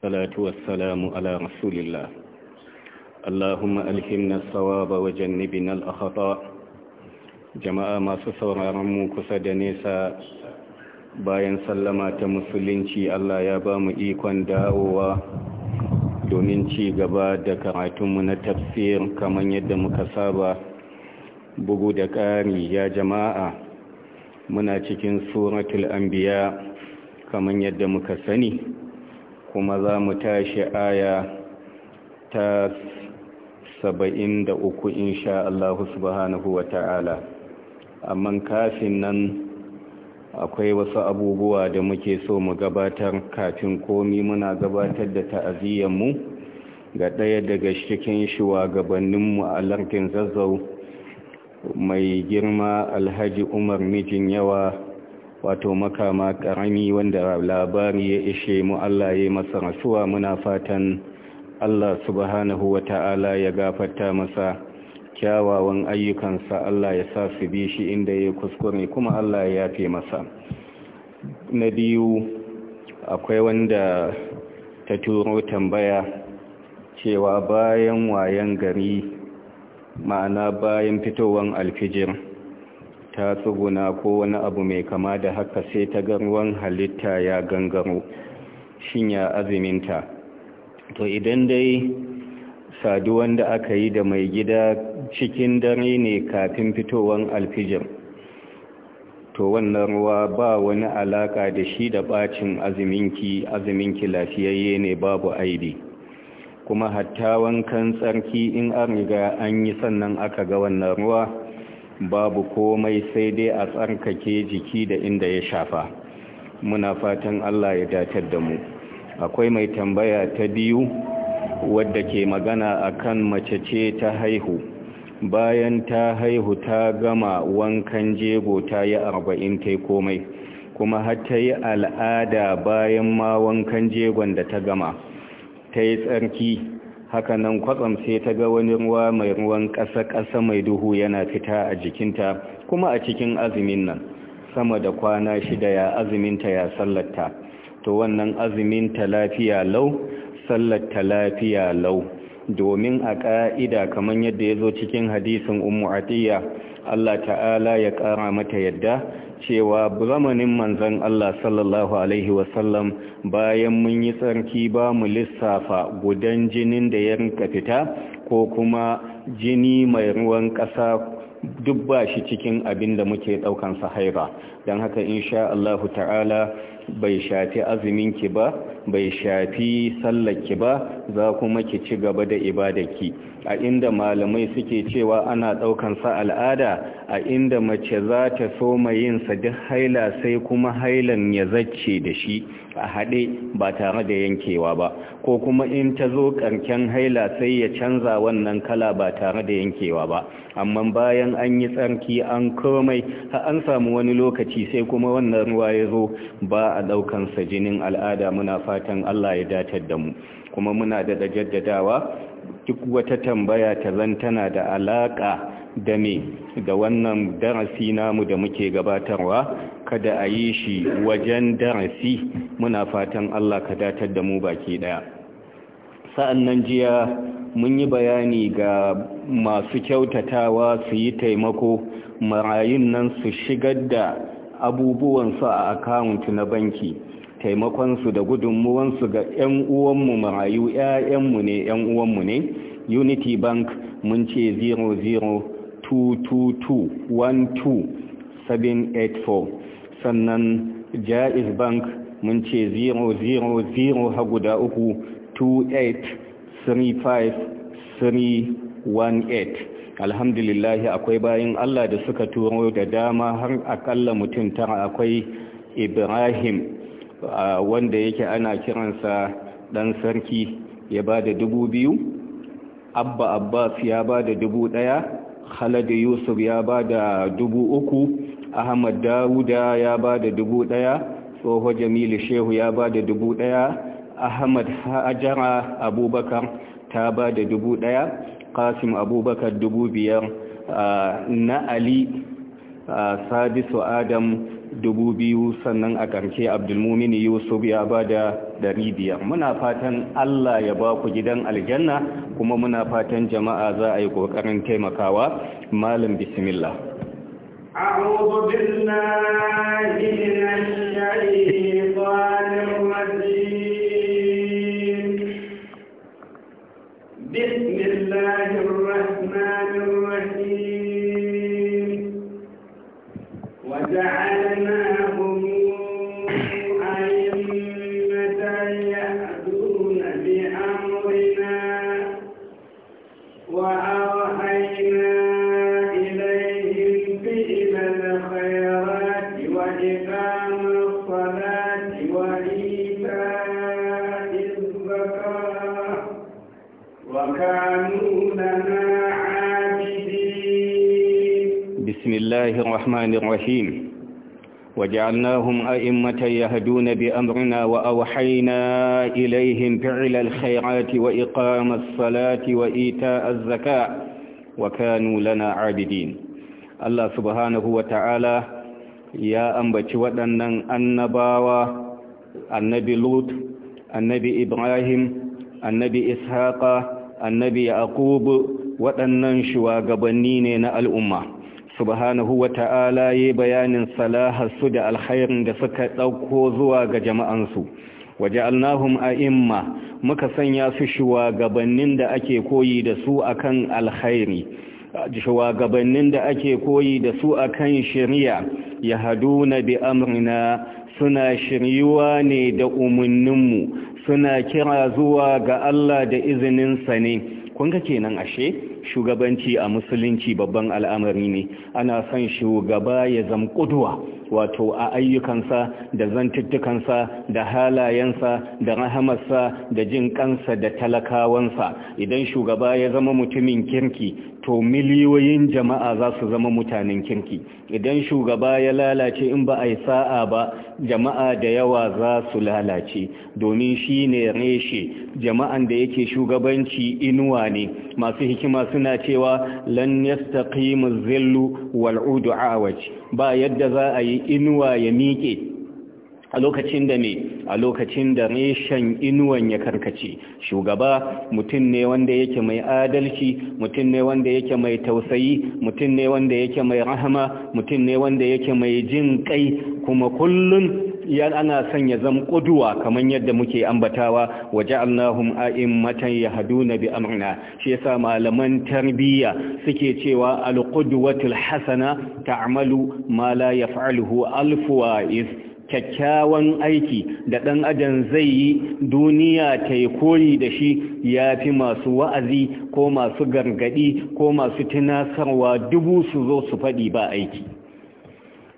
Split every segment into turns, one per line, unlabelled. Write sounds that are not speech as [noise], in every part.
ala rasulillah. على رسول الله اللهم ألهمنا الصواب وجنبنا الأخطاء جماعة ما سسورا kusa da nesa. bayan sallama ta musulunci Allah ya ba mu ikon dawowa domin ci gaba da karatunmu na tafsir kamar yadda muka saba bugu da ƙari ya jama'a muna cikin suratul anbiya kamar yadda muka sani kuma za mu tashi aya ta saba'in da uku insha Allah subhanahu wa ta'ala amma kafin nan akwai wasu abubuwa da muke so mu gabatar kafin komi muna gabatar da mu ga ɗaya daga cikin shugabanninmu a lardin zazzau mai girma alhaji umar mijin yawa wato makama karami wanda labari ya ishe mu Allah ya masa rasuwa muna fatan Allah subhanahu wa ta'ala ya gafarta masa kyawawan ayyukansa Allah ya sa su bi shi inda ya kuskure kuma Allah ya yafe masa na biyu akwai wanda ta turo tambaya cewa bayan wayan gari ma'ana bayan fitowar alfijir ta tsuguna ko wani abu mai kama da haka sai ta ga ruwan halitta ya gangaro shin ya azuminta to idan dai saduwan da aka yi da mai gida cikin dare ne kafin fitowan alfijir to wannan ruwa ba wani alaka da shi da bacin aziminki aziminki lafiyayye ne babu aidi kuma hatta wankan tsarki in an riga an yi sannan aka ga wannan ruwa babu komai sai dai a tsarkake jiki da inda ya shafa muna fatan Allah ya datar da mu akwai mai tambaya ta biyu wadda ke magana akan mace ce ta haihu bayan ta haihu ta gama wankan jego ta yi arba'in ta komai kuma har ta yi al'ada bayan ma wankan jegon da ta gama ta yi tsarki hakanan kwatsam sai ta ga wani ruwa mai ruwan ƙasa-ƙasa mai duhu yana fita a jikinta kuma a cikin azumin nan sama da kwana shida ya azuminta ya sallata to wannan azuminta lafiya lau sallata lafiya lau domin a ƙa'ida kamar yadda ya zo cikin hadisin umu Allah ta'ala ya ƙara mata yadda cewa zamanin manzan Allah sallallahu Alaihi wasallam bayan mun yi tsarki ba mu lissafa gudan jinin da ya rinka fita ko kuma jini mai ruwan ƙasa duk ba shi cikin abin da muke ɗaukansa haira don haka insha Allah ta'ala bai shafi azuminki ba bai shafi sallarki ba za kuma ki ci gaba da ibadaki a inda malamai suke cewa ana daukan sa al'ada a inda mace za ta so yin sa duk haila sai kuma hailan ya zacce da shi a haɗe ba tare da yankewa ba ko kuma in ta zo ƙarken haila sai ya canza wannan kala ba tare da yankewa ba amma bayan an yi tsarki an komai an samu wani lokaci sai kuma wannan ruwa ya zo ba a ɗaukansa jinin al'ada muna fatan Allah ya datar da mu kuma muna da jaddadawa duk wata tambaya ta tana da alaƙa da me da wannan darasi namu da muke gabatarwa kada a yi shi wajen darasi muna fatan Allah ka datar da mu baki daya nan jiya mun yi bayani ga masu kyautatawa su yi taimako marayun nan su shigar da abubuwansu a akawunt na banki taimakonsu da gudunmuwansu ga 'yan uwanmu marayu 'ya'yanmu ne 'yan uwanmu ne unity bank mun ce 0022212784 sannan jaiz bank mun ce 000 ha guda uku 2835 318 alhamdulillahi akwai bayan Allah da suka turo da dama har akalla mutum tara akwai ibrahim wanda yake ana kiransa dan sarki ya ba da dubu biyu abba abbas ya ba da dubu daya khalid yusuf ya ba da dubu uku ahmad dawuda ya ba da dubu daya tsoho jamilu shehu ya ba da dubu daya ahmad hajara abubakar ta ba da dubu daya kasim abubakar dubu biyar na ali sadisu adam dubu biyu sannan a ƙarshe abdulmumini yusuf ya ba da ɗari biyar muna fatan allah ya ba ku gidan aljanna kuma muna fatan jama'a za a yi ƙoƙarin taimakawa malam bismillah أعوذ
بالله من الشيطان
وجعلناهم أئمة يهدون بأمرنا وأوحينا إليهم فعل الخيرات وإقام الصلاة وإيتاء الزكاة وكانوا لنا عابدين الله سبحانه وتعالى يا أنبتي ودنن النباوة النبي لوط النبي إبراهيم النبي إسحاق النبي يعقوب waɗannan shugabanni ne na al'umma subhanahu wa ta'ala ya bayanin su da alkhairin da suka ɗauko zuwa ga jama'ansu waje alnahum aimma muka sanya su shugabannin da ake koyi da su akan alkhairi shugabannin da ake koyi da su akan shari'a ya haduna bi amrina suna shiryuwa ne da umarninmu suna kira zuwa ga Allah da izininsa ne kun ga kenan ashe shugabanci a musulunci babban al'amari ne ana son shugaba ya zam kuduwa wato a ayyukansa da zantuttukansa da halayensa da rahamarsa da jin kansa da talakawansa idan shugaba ya zama mutumin kirki to miliyoyin jama'a za su zama mutanen kirki idan shugaba ya lalace in ba a yi sa'a ba jama'a da yawa za su lalace domin shi ne reshe jama'an da yake shugabanci inuwa ne masu hikima suna cewa lan yastaqimu zillu Wal'udu awaj ba yadda za a yi inuwa ya miƙe a lokacin da ne a lokacin da reshen inuwan ya karkace shugaba mutum ne wanda yake mai adalci mutum ne wanda yake mai tausayi mutum ne wanda yake mai rahama mutum ne wanda yake mai jin kai kuma kullum yan ana son ya zama kuduwa kamar yadda muke ambatawa waje allahum a'immatan yahduna bi amrina shi yasa malaman tarbiyya suke cewa al-qudwatul hasana ta'malu ma la yaf'aluhu alfu wa'iz kyakkyawan aiki da ɗan adam zai yi duniya ta yi koyi da shi ya fi masu wa'azi ko masu gargaɗi ko masu tunasarwa dubu su zo su faɗi ba aiki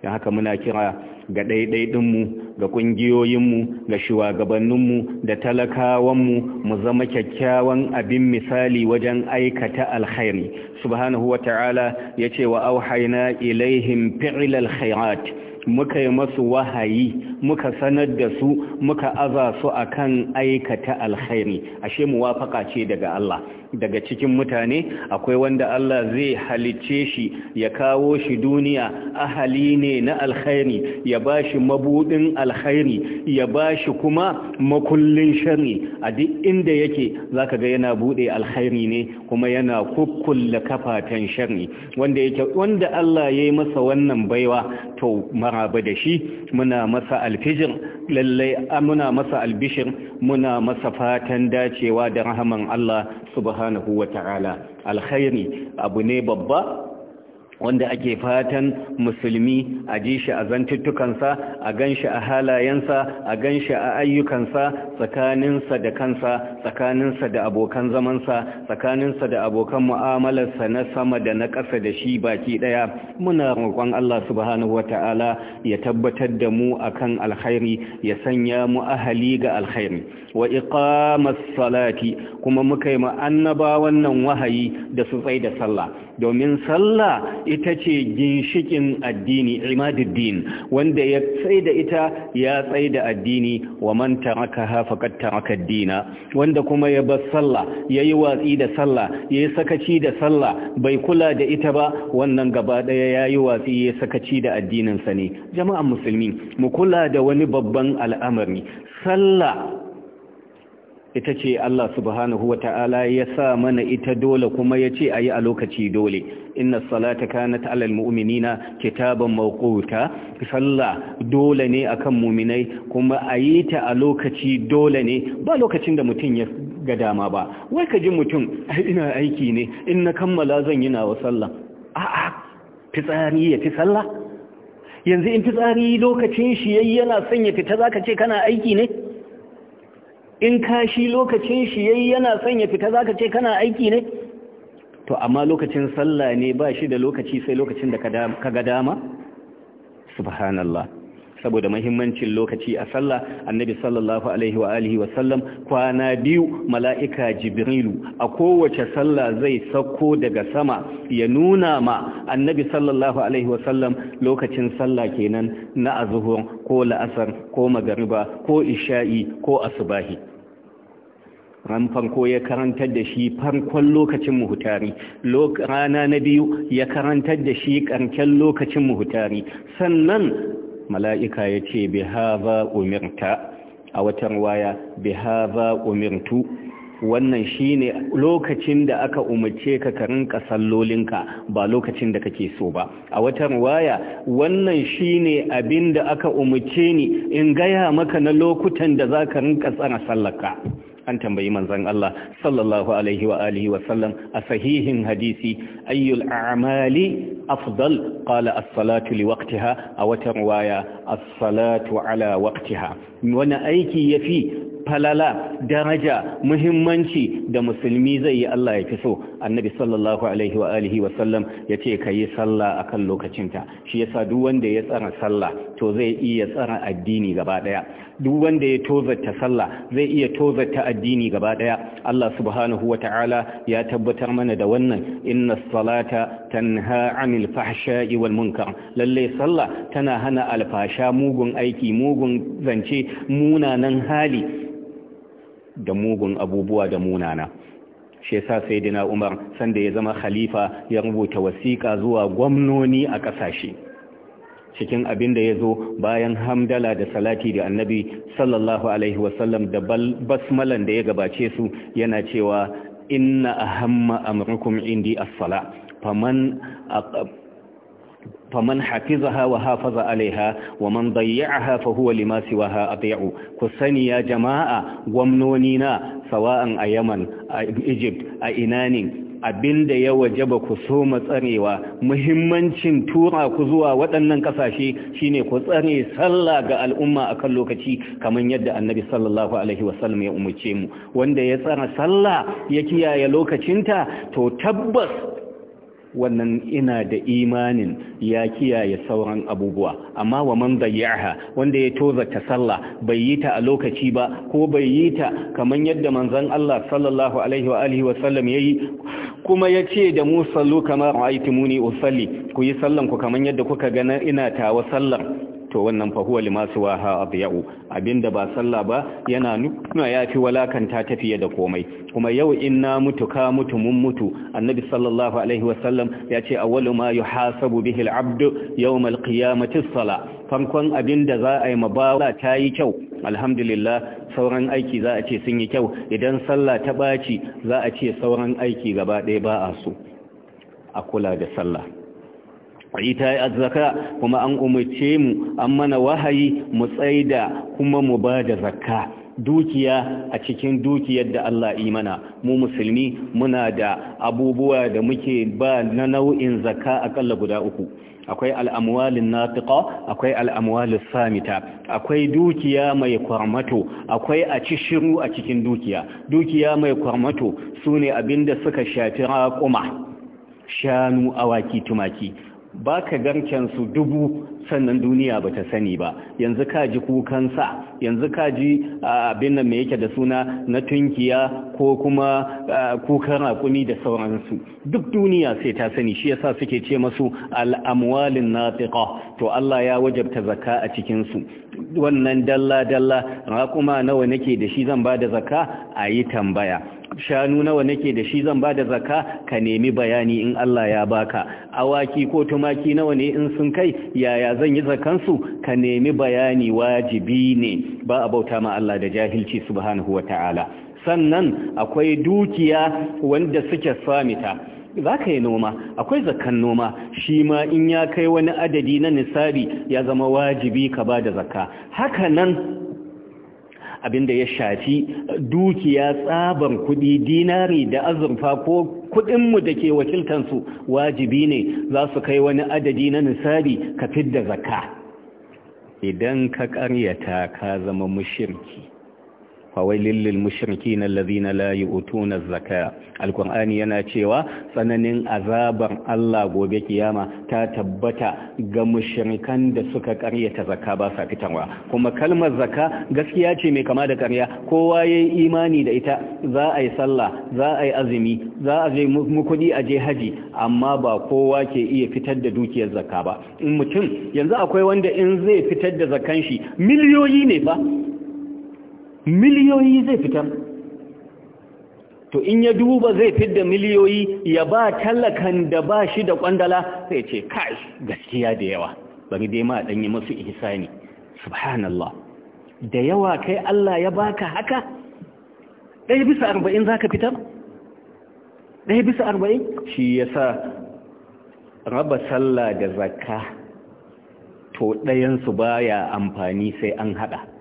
da haka muna kira ga ɗaiɗaiɗinmu ga ƙungiyoyinmu ga shugabanninmu da talakawanmu mu zama kyakkyawan abin misali wajen aikata alkhairi subhanahu wa ta'ala ya ce wa auhaina ilaihim fi'ilal khairat muka yi masu wahayi muka sanar da su muka aza su akan aikata alkhairi ashe muwafaka ce daga Allah daga cikin mutane akwai wanda Allah zai halicce shi ya kawo shi duniya ahali ne na alkhairi ya ba shi mabudin alkhairi ya ba shi kuma makullin sharri a duk inda yake zaka ga yana bude alkhairi ne kuma yana kukkulla kafatan shari. wanda yake wanda Allah yayi masa wannan baiwa to maraba da shi muna masa alfijir lalle muna masa albishir muna masa fatan dacewa da rahaman Allah subhanahu wa ta'ala alkhairi abu ne babba wanda ake fatan musulmi a ji shi a zantuttukansa a ganshi a halayensa a ganshi a ayyukansa tsakaninsa da kansa tsakaninsa da abokan zamansa tsakaninsa da abokan mu'amalarsa na sama da na ƙasa da shi baki ɗaya muna roƙon Allah subhanahu wata'ala ya tabbatar da mu akan alkhairi ya sanya mu ahali ga alkhairi wa iqamas salati kuma muka yi ma wannan wahayi da su tsaye da sallah domin sallah ita ce ginshikin addini imaduddin wanda ya tsaida ita ya tsaida addini wa man tarakaha faqad taraka dina wanda kuma ya bar sallah yayi watsi da sallah yayi sakaci da sallah bai kula da ita ba wannan gaba daya yayi watsi yayi sakaci da addinin sa ne jama'an musulmi mu kula da wani babban al'amari sallah ita ce Allah subhanahu wa ta'ala ya sa mana ita dole kuma ya ce a yi a lokaci dole inna salata kana ta'alal mu'minina kitaban mawquta salla dole ne akan mu'minai kuma a yi ta a lokaci dole ne ba lokacin da mutum ya ga dama ba wai ka ji mutum ina aiki ne in na kammala zan yi nawa sallah a'a fitsari ya fi sallah yanzu in fitsari lokacin shi yayi yana son ya fita zaka ce kana aiki ne in kashi lokacin shi yayi yana son ya fita zaka ce kana aiki ne to amma lokacin sallah ne ba shi da lokaci sai lokacin da ka ga dama subhanallah saboda mahimmancin lokaci a sallah annabi sallallahu alaihi wa alihi wa sallam kwana biyu mala'ika jibrilu a kowace sallah zai sauko daga sama ya nuna ma annabi sallallahu alaihi wa sallam lokacin sallah kenan na azhur ko la'asar ko magariba ko isha'i ko asubahi ran farko ya karantar da shi farkon lokacin muhutari rana na biyu ya karantar da shi ƙarshen lokacin muhutari sannan mala'ika ya ce bi umirta a watan waya bi umirtu wannan shine lokacin da aka umarce ka karin sallolinka ba lokacin da kake so ba a watan waya wannan shine abin da aka umarce ni in gaya maka na lokutan da za ka rinka tsara sallaka an tambayi manzan Allah sallallahu alaihi wa alihi wa sallam a sahihin hadisi ayyul a'mali afdal qala as-salatu li waqtiha a wata riwaya as-salatu ala waqtiha wani aiki yafi falala daraja muhimmanci da musulmi zai yi Allah ya fi so annabi sallallahu alaihi wa alihi wa sallam yace kayi sallah akan lokacinta shi yasa duk wanda ya tsara sallah to zai iya tsara addini gaba daya duk wanda ya tozarta sallah zai iya tozarta addini gaba daya Allah subhanahu wata'ala ya tabbatar mana da wannan inna salata tanha 'anil fahsha'i wal munkar lalle sallah tana hana alfasha mugun aiki mugun zance munanan hali da mugun abubuwa da munana shi yasa sayyidina Umar sanda ya zama khalifa ya rubuta wasiƙa zuwa gwamnoni a ƙasashe cikin abin da ya zo bayan hamdala da salati da annabi sallallahu alaihi wasallam da basmalan da ya gabace su yana cewa inna ahamma amrukum indi as-sala faman faman hafizaha wa hafaza alaiha wa man dayya'aha fa huwa lima siwaha adi'u kusani ya jama'a gwamnoni na sawa'an a Yaman a Egypt a inanin Abin da ya waje ba ku so tsarewa muhimmancin tura ku zuwa waɗannan ƙasashe shine ku tsare sallah ga al'umma akan lokaci kamar yadda annabi sallallahu alaihi wasallam ya umarce mu wanda ya tsara sallah ya kiyaye lokacinta to tabbas wannan ina da imanin ya kiyaye sauran abubuwa amma wa man dayyaha wanda ya toza ta sallah bai yi ta a lokaci ba ko bai yi ta kaman yadda manzon Allah sallallahu alaihi wa alihi wa sallam yayi kuma yace da mu sallu kama ra'aytumuni usalli ku yi sallan ku kaman yadda kuka ga ina tawa sallar to wannan fa huwa limasu waha adyau abinda ba sallah ba yana nuna yafi walakanta tafiye da komai kuma yau in na mutu ka mutu mun mutu annabi sallallahu alaihi wasallam ya ce awwalu ma yuhasabu bihi al-abdu yawm al-qiyamati as farkon abinda za a yi mabawa ta yi kyau alhamdulillah sauran aiki za a ce sun yi kyau idan sallah ta ɓaci za a ce sauran aiki gaba ɗaya ba a so a kula da sallah ita azzaka kuma an umarce mu an mana wahayi mu tsaida kuma mu ba da zakka dukiya a cikin dukiyar da Allah mana. mu musulmi muna da abubuwa da muke ba na nau'in zakka akalla guda uku akwai al'amwalin natiƙa akwai al'amwalin samita akwai dukiya mai kwarmato akwai a ci shiru a cikin dukiya dukiya mai kwarmato su ne abinda suka shafi raƙuma shanu awaki tumaki ba ka su dubu sannan duniya ba ta sani ba yanzu ka ji kukansa yanzu ka ji abin da mai yake da suna na tunkiya ko kuma kukan rakumi da sauransu duk duniya sai ta sani shi yasa suke ce masu al'amwalin natiqa to Allah ya wajabta zakka a cikinsu wannan dalla-dalla rakuma nawa nake da shi zan ba da zakka a yi tambaya shanu nawa nake da shi zan bada zakka ka nemi bayani in Allah ya baka awaki ko tumaki nawa ne in sun kai yaya zan yi su ka nemi bayani wajibi ne ba a bauta ma Allah da jahilci subhanahu wata'ala sannan akwai dukiya wanda suke samita za ka yi noma akwai zakan noma shi ma in ya kai wani adadi na nisabi ya zama wajibi ka ba da zakka haka nan abin da ya shafi dukiya tsabar kudi dinari da azurfa ko kudinmu da ke wakiltansu wajibi ne za su kai wani adadi na nisabi ka fidda zaka idan ka karyata ka zama mushirki fawailin lil na allazina na layi, az zakaya. alqur'ani yana cewa tsananin azabar Allah gobe kiyama ta tabbata ga mushrikan da suka karyata zaka ba sa fitarwa kuma kalmar zaka gaskiya ce mai kama da karya. kowa ya yi imani da ita za a yi sallah za a yi azumi za a je mukudi a je haji amma ba kowa ke iya fitar da dukiyar zaka ba in mutum yanzu akwai wanda in zai fitar da zakkan shi miliyoyi ne ba miliyoyi zai fitar to in ya duba zai fidda miliyoyi ya ba talakan da ba shi da kwandala sai ce kai gaskiya da yawa bari dai ma danyi masu ihsani subhanallah da yawa kai Allah ya baka haka ɗaya bisa arba'in za ka fitar ɗaya bisa arba'in shi ya sa raba sallah da zakka to ɗayansu baya amfani sai an haɗa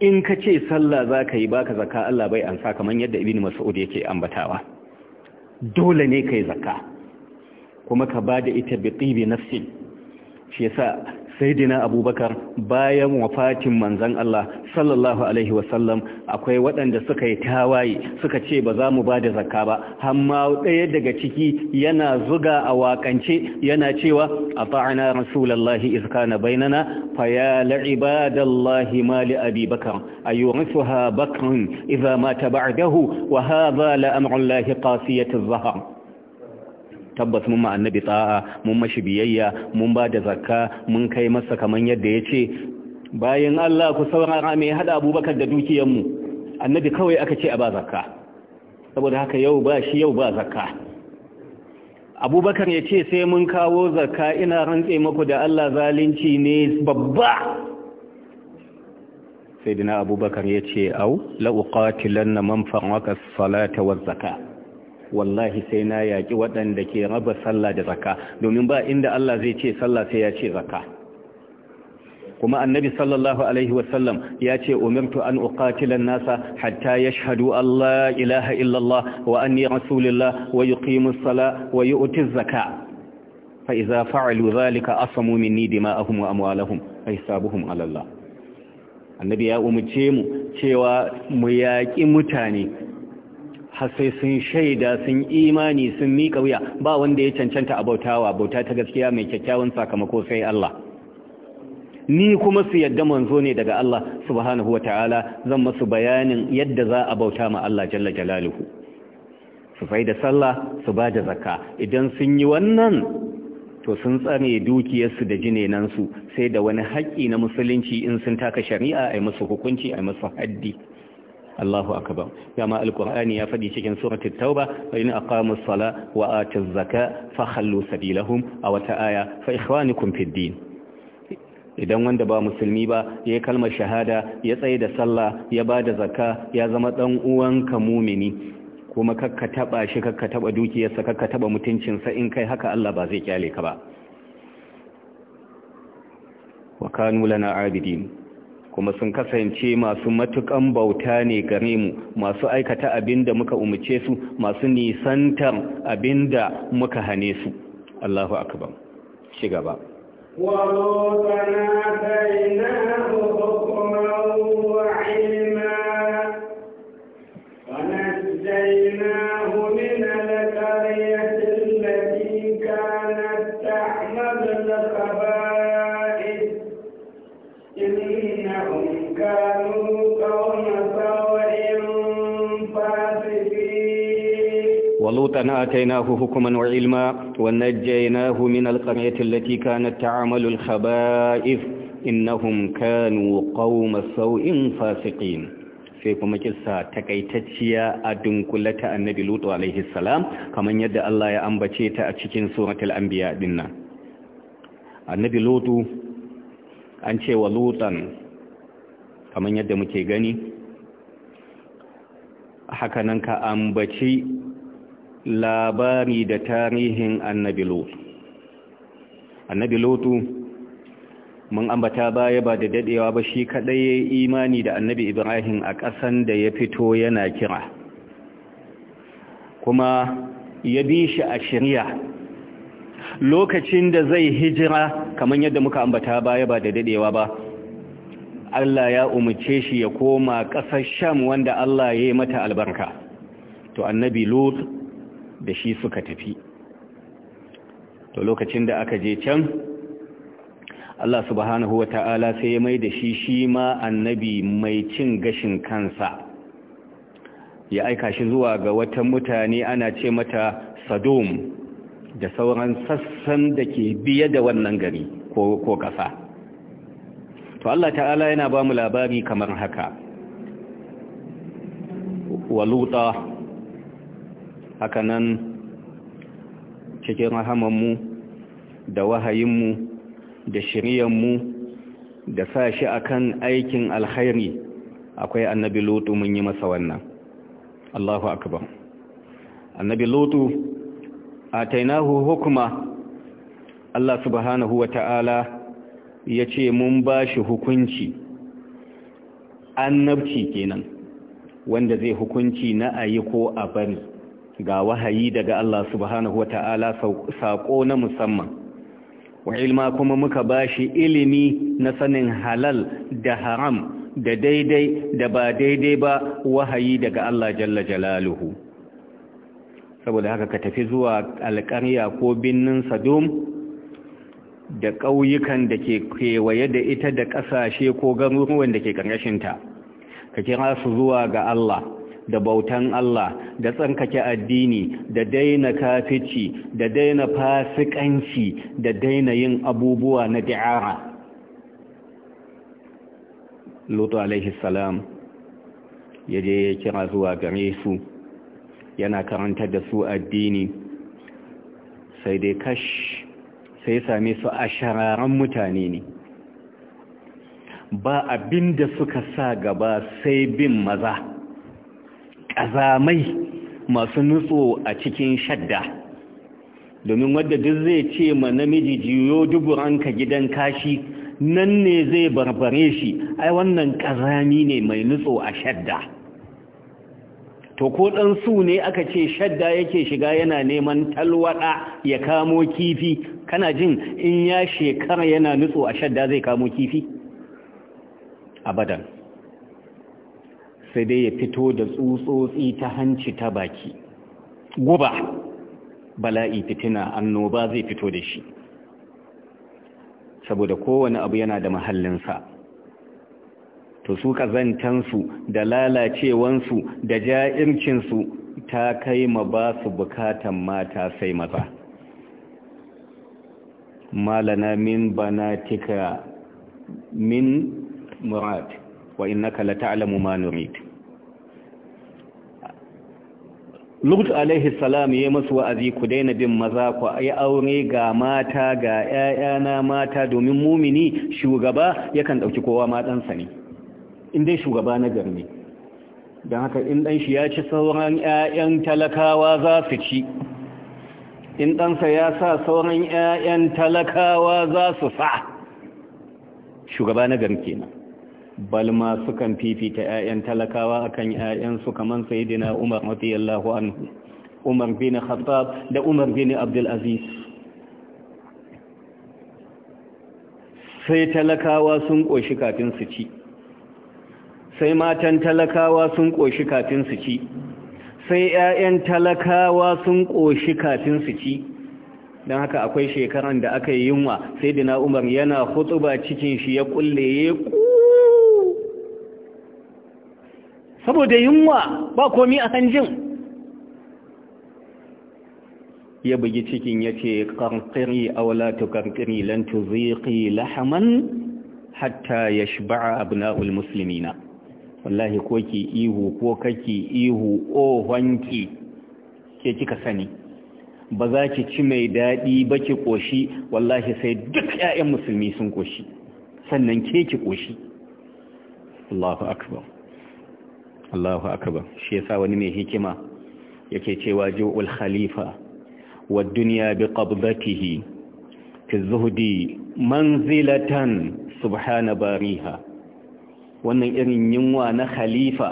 in ka ce sallah za ka yi baka zaka Allah bai ansa kamar yadda ibn mas'ud yake ambatawa dole ne kai zakka kuma ka bada ita bi tibi nafsi shi yasa saidina abubakar bayan wafatin manzan Allah sallallahu alaihi wasallam akwai waɗanda suka yi tawaye suka ce ba za mu ba da zakka ba amma ɗaya daga ciki yana zuga a waƙance yana cewa a fa'ana rasulallahi na bainana faya la'ibadallahi mali abubakar a yi wasu ha bakar iza mata ba'adahu wa ha ba la'amurullahi zahar tabbas mun ma annabi ta'a mun mashi biyayya mun ba da zakka mun kai masa kaman yadda ya ce bayan Allah ku saurara mai hada abubakar da dukiyanmu annabi kawai aka ce a ba zakka saboda haka yau ba shi yau ba zakka abubakar ya ce sai mun kawo zakka ina rantse maku da Allah zalunci ne babba sai dina abubakar ya ce au uqatilanna man fa'aka waka salata waz zakka wallahi sai na yaƙi waɗanda ke raba sallah da zaka domin ba inda Allah zai ce sallah sai ya ce zakka kuma annabi sallallahu alaihi wasallam ya ce umirtu an uqatila nasa hatta yashhadu Allah ilaha illallah wa anni rasulullah wa yuqimus sala wa yu'tiz zakka fa idza fa'alu dhalika asamu minni dima'ahum wa amwalahum hisabuhum ala Allah annabi ya umurce mu cewa mu yaƙi mutane har sai sun shaida sun imani sun miƙa wuya ba wanda ya cancanta a bautawa bauta ta gaskiya mai kyakkyawan sakamako sai Allah ni kuma su yadda manzo ne daga Allah subhanahu wataala zan masu bayanin yadda za a bauta ma Allah jalla jalaluhu su faida sallah su bada da zakka idan sun yi wannan to sun tsare dukiyarsu da jinenansu sai da wani haƙƙi na musulunci in sun taka shari'a ai musu hukunci ai musu haddi Allahu akbar dama alqur'ani ya fadi cikin suratul tauba fa in aqamus sala wa atuz zaka fa khallu sabilahum aw ta'aya fa ikhwanukum fid din idan wanda ba musulmi ba ya kalmar shahada ya tsaye da sallah ya bada zaka ya zama dan uwanka mumini kuma kakka taba shi kakka taba dukiyarsa kakka taba mutuncinsa in kai haka Allah ba zai kyale ka ba wa kanu lana abidin kuma sun kasance masu matukan bauta ne gare mu masu aikata abin da muka umarce su masu nisantar abin da muka hane su Allahu akbar shi gaba wa لقد آتيناه حكما وعلما ونجيناه من القرية التي كانت تعمل الخبائف إنهم كانوا قوم سوء فاسقين sai kuma kissa takaitacciya a dunkulata ta annabi lutu alaihi salam kamar yadda Allah ya ambace ta a cikin suratul anbiya din nan annabi lutu an ce wa lutan kamar yadda muke gani hakanan ka ambaci labari da tarihin annabi lutu annabi lutu mun ambata baya ba da dadewa ba shi kadai yayi imani da annabi ibrahim a ƙasan da ya fito yana kira kuma ya bi shi a shirya lokacin da zai hijira kamar yadda muka ambata baya ba da dadewa ba Allah ya umarce shi ya koma ƙasar Sham wanda Allah ya yi mata albarka to annabi Lut da shi suka tafi to lokacin da aka je can Allah subhanahu wa ta'ala sai ya mai da shi shi ma annabi mai cin gashin kansa ya aika shi zuwa ga wata mutane ana ce mata sadom da sauran sassan da ke biye da wannan gari ko ƙasa to Allah ta'ala yana ba mu labari kamar haka waluta Haka hakanan cikin rahamanmu da wahayinmu da shiriyanmu, da sa shi a kan aikin alkhairi akwai annabi lutu mun yi masa wannan Allahu akbar annabi lutu tainahu hukuma Allah subhanahu wa ta'ala ya ce mun ba shi hukunci annabci kenan wanda zai hukunci na ayi ko a bari ga wahayi daga Allah subhanahu wa ta'ala saƙo na musamman wa ilma kuma muka bashi ilimi na sanin halal da haram da daidai da ba daidai ba wahayi daga Allah jalla jalaluhu saboda haka ka tafi zuwa alƙarya ko binnin sadum da ƙauyukan da ke kewaye da ita da ƙasashe ko garuruwan da ke ƙarƙashinta ka kira su zuwa ga Allah da bautan Allah da tsankake addini da daina kafici da daina fasikanci da daina yin abubuwa na di'ara lutu alaihi salam ya je ya kira zuwa gare su yana karanta da su addini sai dai kash sai same su a shararren mutane ne ba abin da suka sa gaba sai bin maza ƙazamai masu nutso a cikin shadda domin wadda duk zai ce ma namiji jiyo duburanka gidan kashi nan ne zai barbare shi ai wannan ƙazami ne mai nutso a shadda to ko ɗan su ne aka ce shadda yake shiga yana neman talwada ya kamo kifi kana jin in ya shekara yana nutso a shadda zai kamo kifi abadan sai dai ya fito da tsutsotsi ta hanci ta baki guba bala'i fitina annoba zai fito da shi saboda kowane abu yana da mahallinsa to su kazantansu da lalacewansu da ja'ircinsu ta kai ma ba su bukatan mata sai maza malana min banatika min murad wa innaka lata'lamu ma nurid Lut alaihi salam ya musu wa'azi ku daina bin maza ku ya aure ga mata ga na mata domin mumini shugaba yakan ɗauki kowa matansa ne, in dai shugaba na garni. dan haka in dan shi ya ci sauran ‘ya'yan talakawa za su ci, in ɗansa ya sa sauran ‘ya'yan talakawa za su sa, shugaba na garni kenan. balma sukan fifita 'ya'yan talakawa akan 'ya'yansu kamar sayyidina umar radiyallahu anhu umar bin khattab da umar bin abdul aziz sai talakawa sun koshi kafin su ci sai matan talakawa sun koshi kafin su ci sai 'ya'yan talakawa sun koshi kafin su ci don haka akwai shekaran da aka yi yunwa sayyidina umar yana khutuba cikin shi ya kulle ya saboda yunwa ba komi a sanjin ya bugi cikin ya ce karkiri a ta karkiri lantu ziƙi lahaman hatta ya shiba'a musulmi na. wallahi ko ki ihu ko kake ihu ohonki ke kika sani ba za ki ci mai daɗi ba ki ƙoshi wallahi sai duk 'ya'yan musulmi sun ƙoshi sannan ke ki ƙoshi Allahu akbar Allahu akbar shi yasa wani mai hikima yake cewa ju'ul khalifa wa dunya bi qabdatihi fi zuhdi manzilatan subhana bariha wannan irin yunwa na khalifa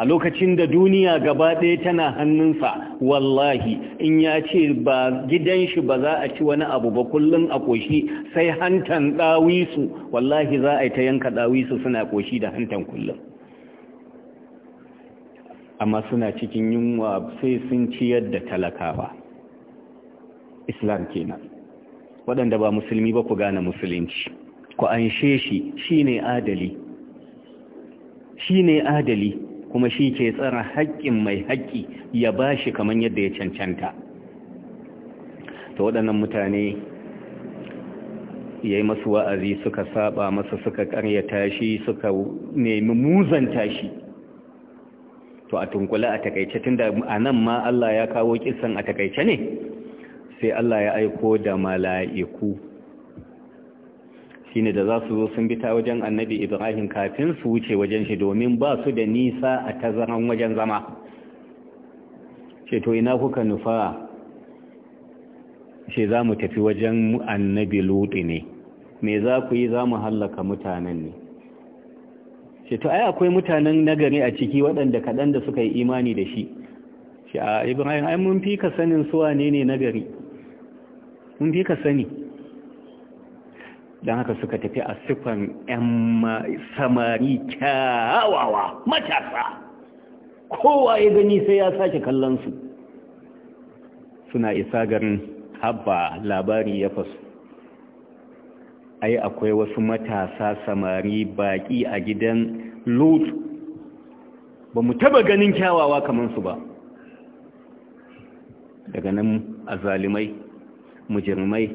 a lokacin da duniya gaba ɗaya tana hannunsa wallahi in ya ce ba gidan shi ba za a ci wani abu ba kullum a koshi sai hantan ɗawisu wallahi za a yi ta yanka ɗawisu suna koshi da hantan kullum amma suna cikin yunwa sai sun ciyar da talakawa islam kenan waɗanda ba musulmi ba ku gane musulunci ku anshe shi ne adali ne adali kuma shi ke tsara haƙƙin mai haƙƙi ya bashi kamar yadda ya cancanta Ta waɗannan mutane ya yi masu wa'azi suka saba masa suka ƙaryata shi suka nemi muzanta shi to a tunkula a takaice tunda a nan ma Allah ya kawo kisan a takaice ne sai Allah ya aiko da mala'iku shine da za su zo sun bita wajen annabi Ibrahim kafin su wuce wajen shi domin ba su da nisa a tazaran wajen zama ce ina kuka nufa ce za mu tafi wajen annabi luɗi ne me za ku yi za mu hallaka mutanen ne ce to ai akwai mutanen nagari a ciki waɗanda kaɗan da suka yi imani da shi shi a ibrahim ai mun fi ka sanin suwa ne ne nagari mun fi ka sani don haka suka tafi a siffan 'yan samari kyawawa matasa kowa ya gani sai ya sake su. suna isa garin haba labari ya fasu ai akwai wasu matasa samari baƙi a gidan lut ba mu taba ganin kyawawa kamar su ba daga nan azalimai mujirmai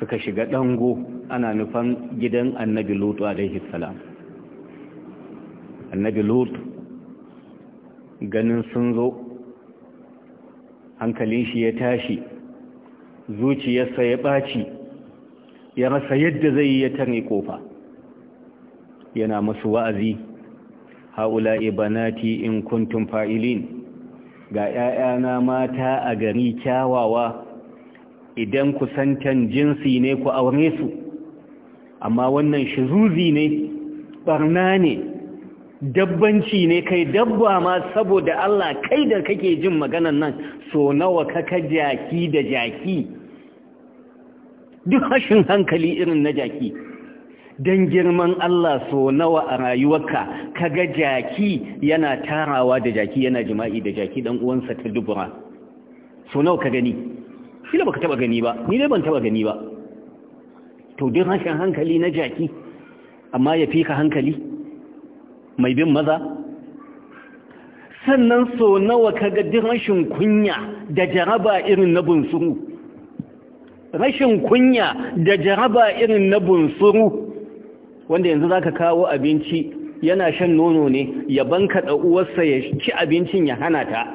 suka shiga dango ana nufan gidan annabi lut alaihi salam annabi lut ganin sun zo hankalin shi ya tashi zuciyarsa ya ɓaci ya rasa yadda zai yi ya tare kofa yana masu wa'azi haula ibanati in kuntun fa'ilin ga 'ya'yana mata a gari kyawawa idan ku kusantan jinsi ne ku aure su amma wannan shizuzi ne ɓarna ne dabbanci ne kai dabba ma saboda Allah kai da kake jin maganan nan so nawa kaka jaki da jaki duk hashin hankali irin na jaki don girman Allah so nawa a rayuwarka kaga jaki yana tarawa da jaki yana jima'i da jaki dan uwansa ta dubura so nawa ka gani shi baka taba gani ba ni dai ban taba gani ba to duk hashin hankali na jaki amma ya fika hankali mai bin maza sannan so nawa kaga duk rashin kunya da jaraba irin na bunsuru rashin kunya da jaraba irin na bunsuru wanda yanzu za ka kawo abinci yana shan nono ne ya banka ɗauwarsa ya ci abincin ya hana ta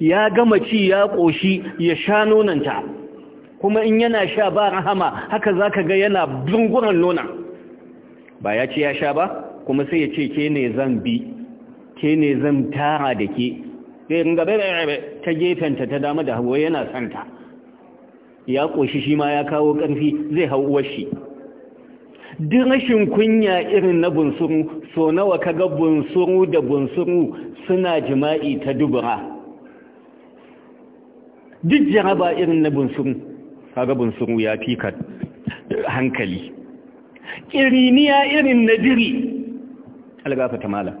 ya gama ci ya ƙoshi ya sha nonanta kuma in yana sha ba rahama haka za ka ga yana dunguran nona ba ya ce ya sha ba kuma sai ya ce ke ne zan bi ke ne zan tara da ke ɗin gaba ta gefenta ta dama da hawa yana santa ya ƙoshi shi ma ya kawo ƙarfi zai hau uwashi duk rashin kunya irin na bunsuru so nawa kaga bunsuru da bunsuru suna jima'i ta dubura duk jaraba irin na bunsuru kaga bunsuru ya fi ka hankali
ƙiriniya irin na diri
algafa ta mala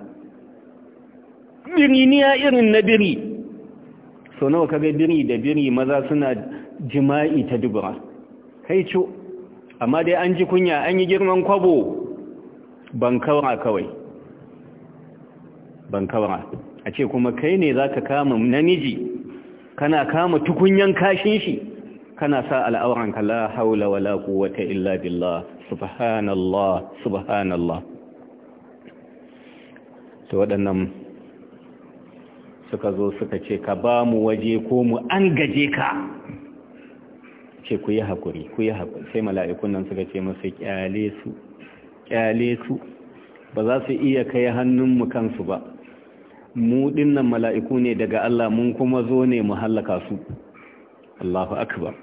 ƙiriniya irin na diri so nawa kaga diri da diri maza suna jima'i ta dubura kai co amma dai an ji kunya an yi girman kwabo ban kawara kawai ban kawara a ce kuma kai ne za ka kama namiji kana kama tukunyan kashin shi kana sa al'auranka la haula wa la quwwata illa billah subhanallah subhanallah to waɗannan suka zo suka ce ka ba mu waje ko mu an gaje ka ce ku yi haƙuri ku yi haƙuri sai mala'ikun nan suka ce masu ƙyale su ƙyale su ba za su iya kai hannunmu kansu ba mu dinnan mala'iku ne daga Allah mun kuma zo ne mu hallaka su Allahu akbar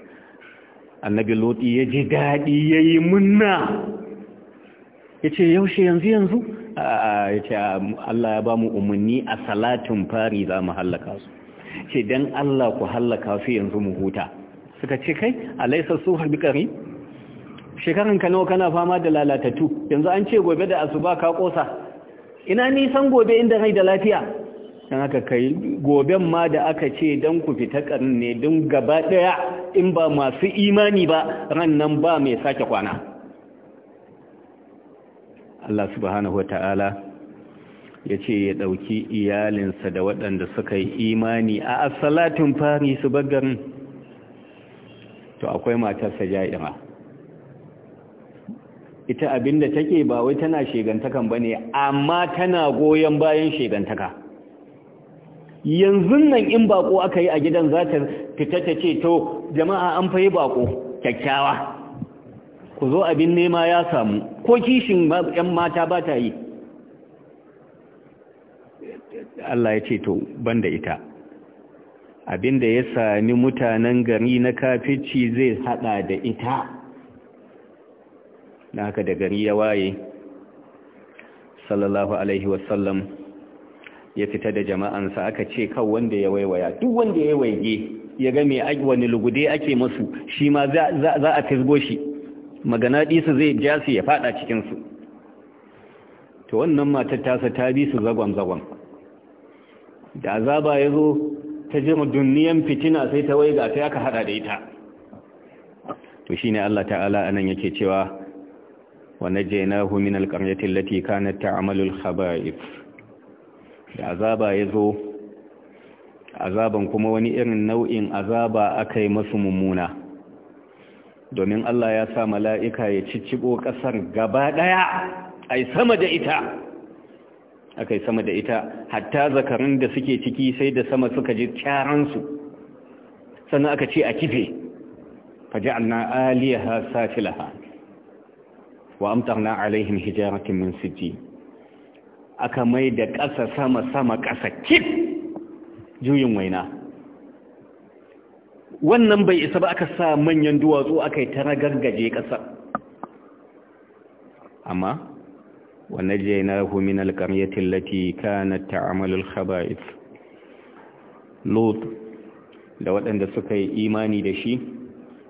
annabi loti ya ji daɗi ya yi munna ya yaushe yanzu yanzu ya ce Allah ya ba mu umarni a salatin fari za mu hallaka su ce don Allah ku hallaka su yanzu mu huta suka ce kai alaisa harbi bikari shekarun ka nawa kana fama da lalatattu yanzu an ce gobe da asuba ka kosa ina nisan gobe inda rai da lafiya don haka kai goben ma da aka ce don ku fita karin ne don gaba ɗaya in ba masu imani ba ran nan ba mai sake kwana Allah subhanahu Ta'ala ya ce ya ɗauki iyalinsa da waɗanda suka yi imani a asalatin fari su bagarin to akwai matarsa ja'ira ita abinda take ba wai tana shegantakan bane amma tana goyon bayan shegantaka yanzu nan in bako aka yi a gidan za fita ta ce to jama'a an fayi bako kyakkyawa ku zo abin nema ya samu ko kishin yan mata ba ta yi Allah ya ce to banda ita Abin da ya sami mutanen gari na kafici zai haɗa da ita na haka da gari ya waye sallallahu alaihi wasallam ya fita da jama'ansa aka ce kan wanda ya waiwaya duk wanda ya waige ya ga mai wani lugude ake masu shi ma za a fisgo shi maganaɗisu zai ja su ya fada cikinsu Ta wannan matattasa ta bi su zagon-zagon da azaba ya zo ta ji duniyan fitina sai ta waiga sai aka hada da ita to shine Allah ta'ala anan yake cewa wa najaynahu min alqaryati allati kanat ta'malu alkhaba'ith da azaba yazo azaban kuma wani irin nau'in azaba akai masu mummuna domin Allah ya sa mala'ika ya ciccibo kasar gaba daya ai sama da ita Akai sama da ita hatta zakarun da suke ciki sai da sama suka ji kyaransu sannan aka ce a kife faji anna aliyaha safilaha wa amtarna alaihim hijaratin min sijji aka mai da ƙasa sama sama ƙasa kif juyin waina wannan bai isa ba aka sa manyan duwatsu aka yi ta kasa ƙasa amma ونجيناه من القرية التي كانت تعمل الخبائث لوط da waɗanda suka yi imani da shi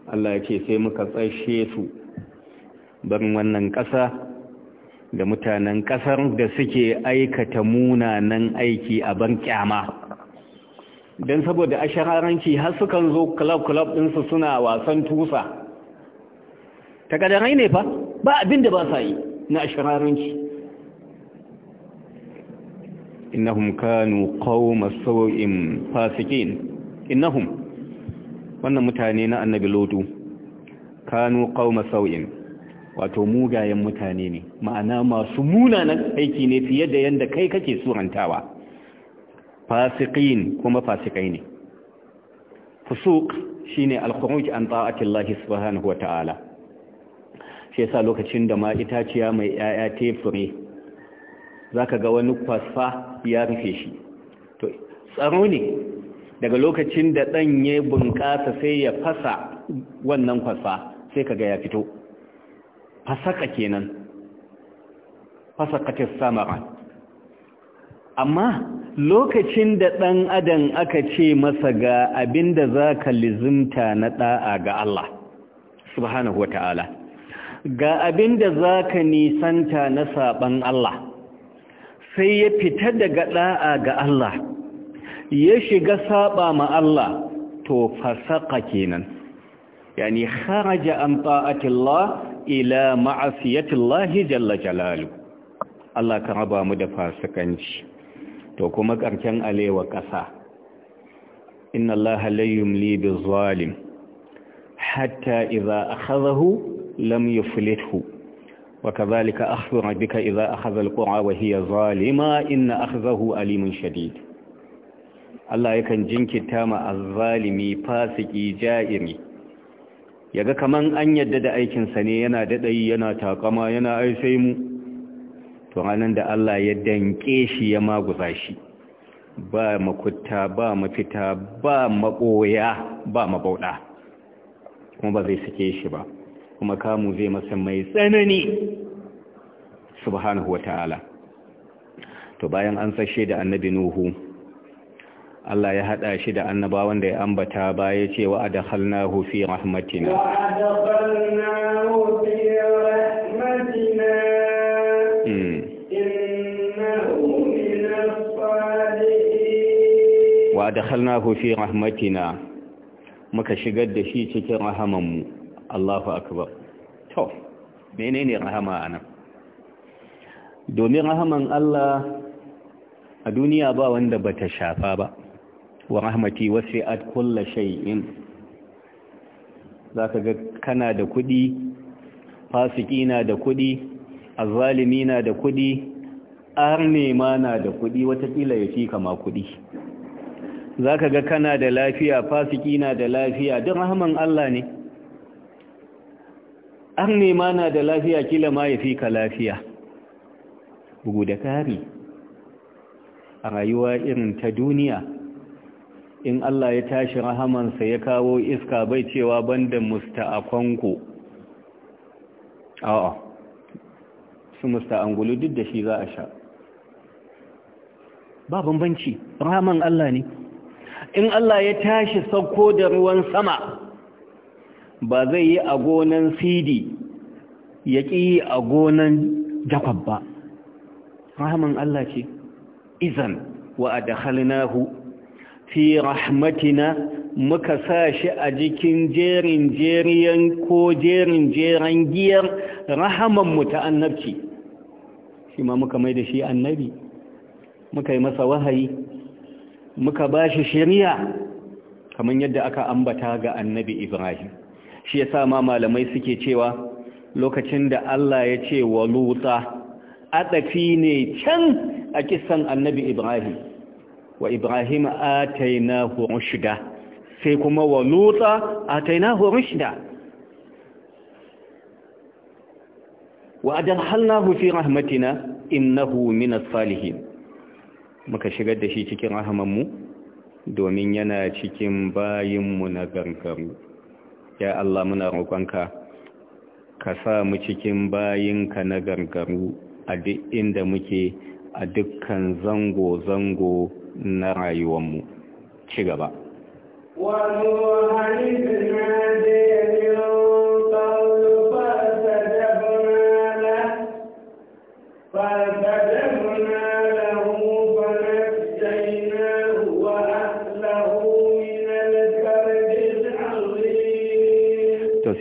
Allah ya ce sai muka tsashe su barin wannan ƙasa da mutanen ƙasar da suke aikata munanan aiki a ban kyama don saboda ashararanci har sukan zo club-club ɗinsu suna wasan tusa takadarai ne fa ba abin ba sa yi na ashararanci innahum kanu qauma sawin fasikin innahum wannan mutane na annabi lotu kanu qauma sawin wato mugayen mutane ne ma'ana masu munanan aiki ne fiye da yanda kai kake surantawa fasikin kuma fasikai ne fusuq shine al-khuruj an ta'atillahi subhanahu wata'ala shi yasa lokacin da ma itaciya mai yaya tefure za ka ga wani kwasfa ya rufe shi to tsaro ne daga lokacin da ɗan ya bunƙasa sai ya fasa wannan kwasfa sai ka ga ya fito fasaka kenan fasakatis samara amma lokacin da ɗan adam aka ce masa ga abin da za ka lizimta na ɗa'a ga Allah subhanahu wa ta'ala ga abin da za ka nisanta na saɓan Allah sai ya fita daga ɗa'a ga Allah ya shiga saba ma Allah to fasaka kenan yani kharaja an ta'atillah ila ma'asiyatillah jalla jalalu Allah ka raba mu da fasikanci to kuma karken alewa kasa inna Allah la yumli bizalim hatta idza akhadhahu lam yuflithu وكذلك أخذ ربك إذا أخذ القرى وهي ظالمة إن أخذه أليم شديد Allah yakan jinkirta ma الظالمي fasiki ja'iri yaga kaman an yadda da aikin sa ne yana dadai yana takama yana ai mu to anan da Allah ya danke shi ya maguza shi ba makutta ba mafita ba makoya ba mabauda kuma ba zai sake shi ba kuma kamu zai masa mai tsanani subhanahu wa ta'ala to bayan an sashe da annabi nuhu Allah ya hada shi da annabawan da ya ambata ya ce wa adkhalnahu fi rahmatina wa adkhalnahu fi rahmatina hmm. fi rahmatina muka shigar da shi cikin rahamanmu Allahu akbar to menene rahama anan domin rahaman Allah a duniya ba wanda bata shafa ba wa rahmati wasi'at kulli shay'in zaka ga kana da kudi fasiki na da kudi azzalimi na da kudi arne ma na da kudi watakila ya kama kudi zaka ga kana da lafiya fasiki na da lafiya duk rahman Allah ne an nema na da lafiya kila ma ya fi ka lafiya bugu da kari a rayuwa irin ta duniya in Allah ya tashi rahamansa ya kawo iska bai cewa banda musta'akonku a'a su musta'angulu duk da shi za a sha ba bambanci rahaman Allah ne in Allah ya tashi sauko da ruwan sama ba zai yi a gonan sidi ya ƙi a gonan jakwab ba rahaman Allah ce izan wa a dakhalnahu fi rahmatina muka sa shi a jikin jerin jeriyan ko jerin jeran giyar rahaman mu ta annabci shi ma muka mai da shi annabi muka yi masa wahayi muka ba shi shari'a kamar yadda aka ambata ga annabi ibrahim shi yasa ma malamai suke cewa lokacin da Allah ya ce wa luta adafi ne can a kisan annabi ibrahim wa ibrahim atainahu rushda sai kuma wa luta atainahu rushda wa adhalnahu fi rahmatina innahu minas salihin muka shigar da shi cikin rahamanmu domin yana cikin bayinmu na gangaru ya Allah muna roƙonka ka sa mu cikin bayinka na gargaru a duk inda muke a dukkan zango-zango na rayuwanmu ci gaba wani wani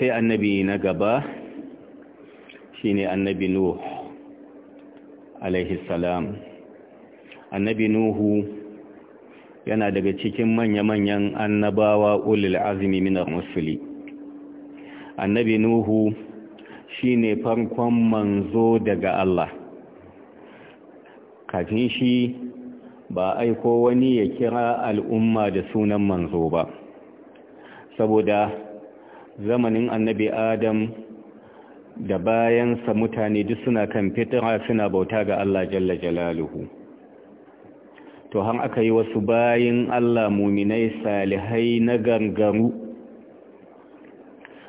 sai annabi na gaba shine annabi Nuhu alaihi salam annabi nuhu yana daga cikin manya-manyan annabawa ulil azumi min musuli annabi nuhu shine farkon manzo daga Allah kafin shi ba aiko wani ya kira al'umma da sunan manzo ba saboda zamanin annabi adam da bayansa mutane duk suna kan fitira suna bauta ga Allah jalla jalaluhu to har aka yi wasu bayin Allah muminai salihai na gangaru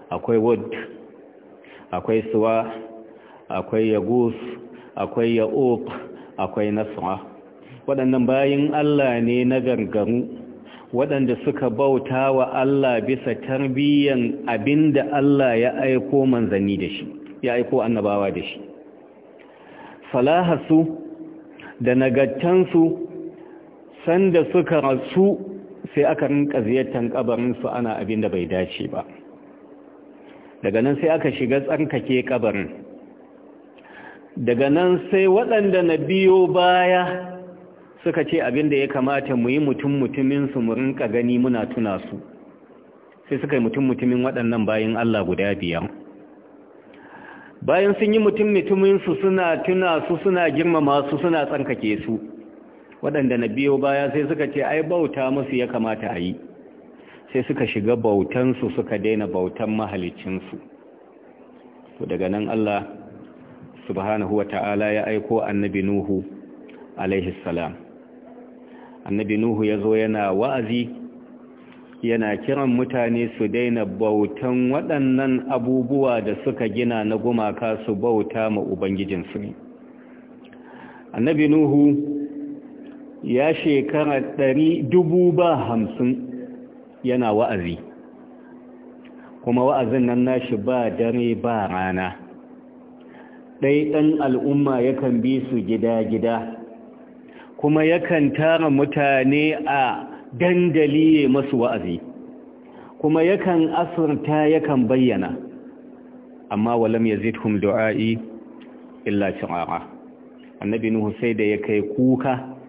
akwai wood akwai suwa akwai yagus akwai ya'uq akwai nasra waɗannan bayin Allah ne na gangaru waɗanda suka bauta wa Allah bisa tarbiyyan abinda Allah ya aiko manzanni da shi ya aiko annabawa da shi falahasu da nagattansu sanda suka rasu sai aka rinka ziyartar kabarinsu ana abinda bai dace ba daga nan sai aka shiga tsarkake kabarin daga nan sai waɗanda na biyo baya suka ce abin da ya kamata mu yi mutum mutumin mu rinka gani muna tuna su sai suka yi mutum mutumin waɗannan bayan Allah guda biyan. bayan sun yi mutum mutumin suna tuna su suna girmama su suna tsankake su waɗanda na biyo baya sai suka ce ai bauta musu ya kamata a yi sai suka shiga bautansu suka daina bautan mahalicinsu daga nan Allah subhanahu wa ta'ala ya aiko annabi Nuhu alaihi salam annabi nuhu ya zo yana wa'azi yana kiran mutane su daina bautan waɗannan abubuwa da suka gina na gumaka su bauta ma ubangijinsu ne annabi nuhu ya shekara ɗari dubu ba hamsin yana wa'azi kuma wa'azin nan nashi ba dare ba rana ɗai ɗan al'umma yakan bi su gida-gida kuma yakan tara mutane a dandali ya masu wa'azi kuma yakan asirta yakan bayyana amma walam yazidhum du'a'i illa shi'ara annabi nuhu sai da ya kai kuka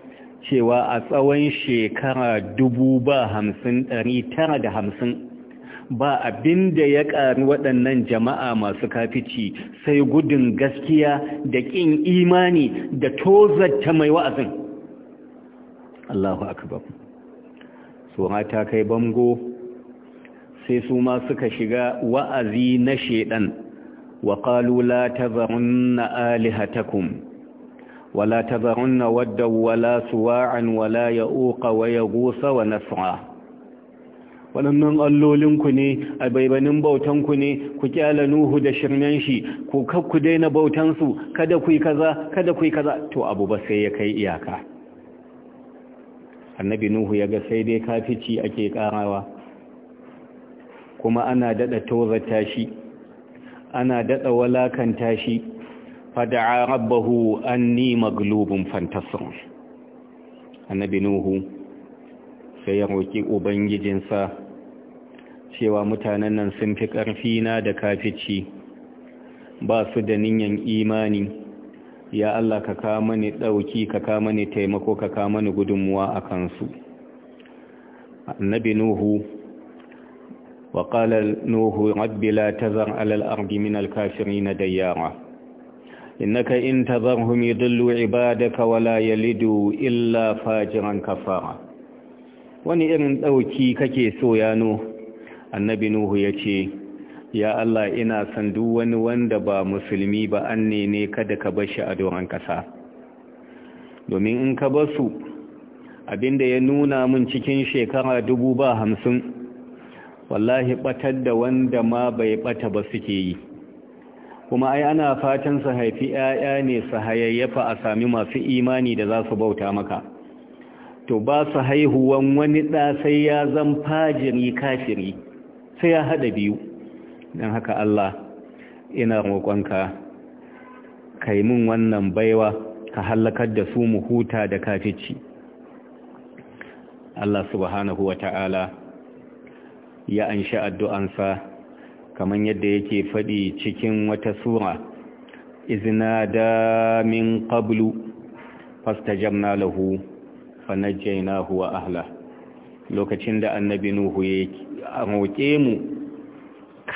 cewa a tsawon shekara dubu ba hamsin ɗari tara da hamsin ba abin da ya ƙari waɗannan jama'a masu kafici sai gudun gaskiya da ƙin imani da tozarta mai wa'azin Allahu akbar sura ta kai bango sai su ma suka shiga wa'azi na shedan wa qalu la tazarunna alihatakum wa la tazarunna wadda wa la suwa'an wa la ya'uqa wa yaghusa wa nas'a allolin ku ne a bautan ku ne ku kyala nuhu da shirmen shi ku kakku daina su, kada ku yi kaza kada ku yi kaza to abu ba sai ya kai iyaka annabi nuhu ya ga sai dai kafici ake karawa kuma ana daɗa tozata shi ana dada walakanta shi fada'a rabbahu anni maglubun fantasir annabi nuhu sai ya roki ubangijinsa cewa mutanen nan sun fi ƙarfi na da kafici ba su da niyan imani ya Allah ka ka mani ɗauki ka ka mani taimako ka ka mani gudunmuwa a kansu annabi nuhu wa qala nuhu rabbi la tazar alal al-ardi min al-kafirin dayyara innaka in tazarhum yudillu ibadaka wa la yalidu illa fajiran kafara wani irin ɗauki kake so ya nuhu annabi nuhu yace ya Allah ina san duk wani wanda ba musulmi ba an ne kada ka bashi a doron kasa domin in ka bar su abinda ya nuna mun cikin shekara dubu ba hamsin wallahi batar da wanda ma bai bata ba suke yi kuma ai ana fatan su haifi 'ya'ya ne su hayayyafa a sami masu imani da za su bauta maka to ba su haihuwan wani ɗa sai ya zan fajiri kafiri sai ya haɗa biyu don haka Allah ina roƙonka ka yi min wannan baiwa ka hallakar da su mu huta da kafici Allah subhanahu wa ta'ala ya an addu'ansa kamar yadda yake faɗi cikin wata sura izina da min ƙablu fasta jamna lahu fanajjaina huwa ahla lokacin da annabi nuhu ya roƙe mu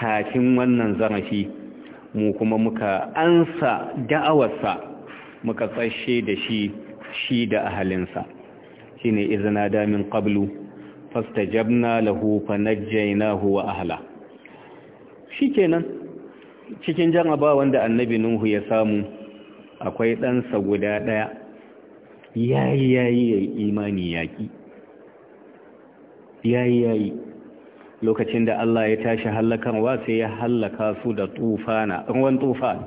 kafin wannan zarafi mu kuma muka ansa da'awarsa muka tsashe da shi shi da ahalinsa shine izina damin ƙablu fasta fastajabna lahu fanajjaynahu wa ahla shikenan cikin jaraba wanda annabi nuhu ya samu akwai ɗansa guda ɗaya yayi yayi imani yaƙi yayi yayi lokacin da Allah ya tashi hallakarwa sai ya hallaka su da tufana ruwan tufan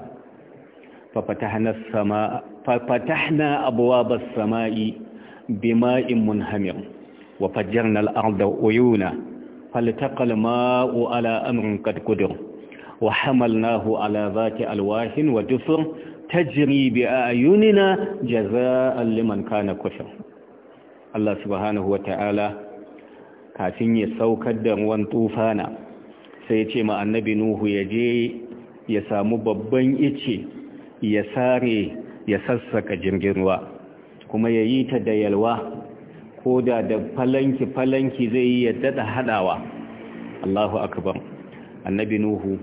fafatahna ba fafatahna abwabas samai bima'in munhamir wa fajjarna al-arda uyuna ma'u ala amrin qad wa hamalnahu ala zati alwahin wa dusur tajri bi ayunina jazaa'an liman kana kafir Allah subhanahu wa ta'ala kafin ya saukar da ruwan tufana sai ya ce ma annabi nuhu ya je ya samu babban ice ya sare ya sassaka jirgin ruwa kuma ya yi ta da yalwa ko da da falanki-falanki zai yi ya daɗa haɗawa Allahu akbar annabi nuhu